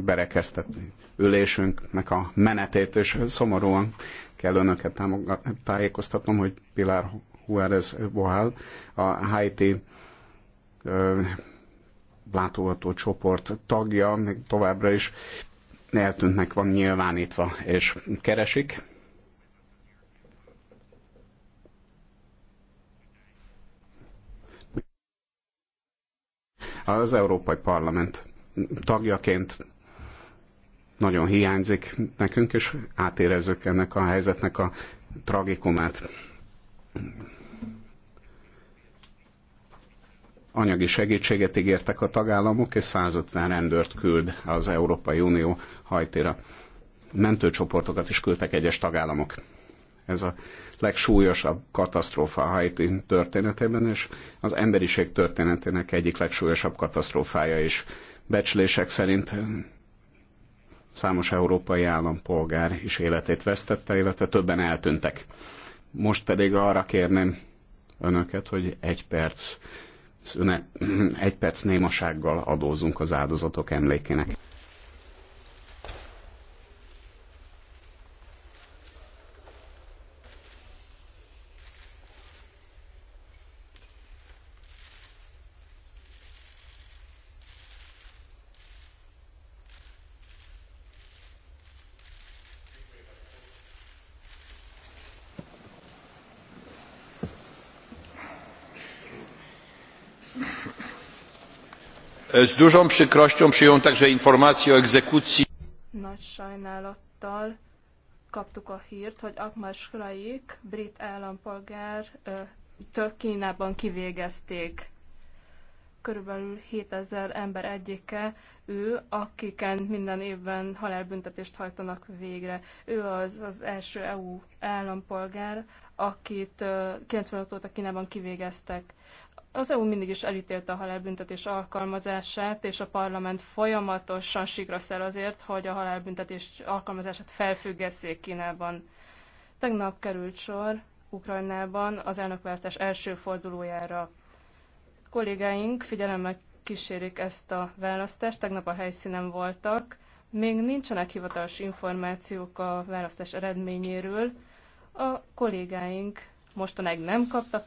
berekeztett ülésünknek a menetét, és szomorúan kell önöket tájékoztatnom, hogy Pilar Juárez Bohal, a Haiti ö, látogató csoport tagja, még továbbra is eltűntnek van nyilvánítva, és keresik. Az Európai Parlament tagjaként nagyon hiányzik nekünk, és átérezzük ennek a helyzetnek a tragikumát. Anyagi segítséget ígértek a tagállamok, és 150 rendőrt küld az Európai Unió hajtéra. Mentőcsoportokat is küldtek egyes tagállamok. Ez a legsúlyosabb katasztrófa a Haiti történetében, és az emberiség történetének egyik legsúlyosabb katasztrófája is. Becslések szerint számos európai állampolgár is életét vesztette, illetve többen eltűntek. Most pedig arra kérném önöket, hogy egy perc, szüne, egy perc némasággal adózunk az áldozatok emlékének. Z dużą przykrością przyjąłem także informację o egzekucji. Nagy sajnálattal kaptuk a hírt, hogy Akmar Schraik, brit állampolgár, Kínában kivégezték körülbelül 7000 ember egyike ő, akiken minden évben halálbüntetést hajtanak végre. Ő az az első EU állampolgár, akit 95 óta Kínában kivégeztek. Az EU mindig is elítélte a halálbüntetés alkalmazását, és a parlament folyamatosan sikra szel azért, hogy a halálbüntetés alkalmazását felfüggesszék Kínában. Tegnap került sor Ukrajnában az elnökválasztás első fordulójára Kollégáink figyelemmel kísérik ezt a választást, tegnap a helyszínen voltak. Még nincsenek hivatalos információk a választás eredményéről. A kollégáink mostanáig nem kaptak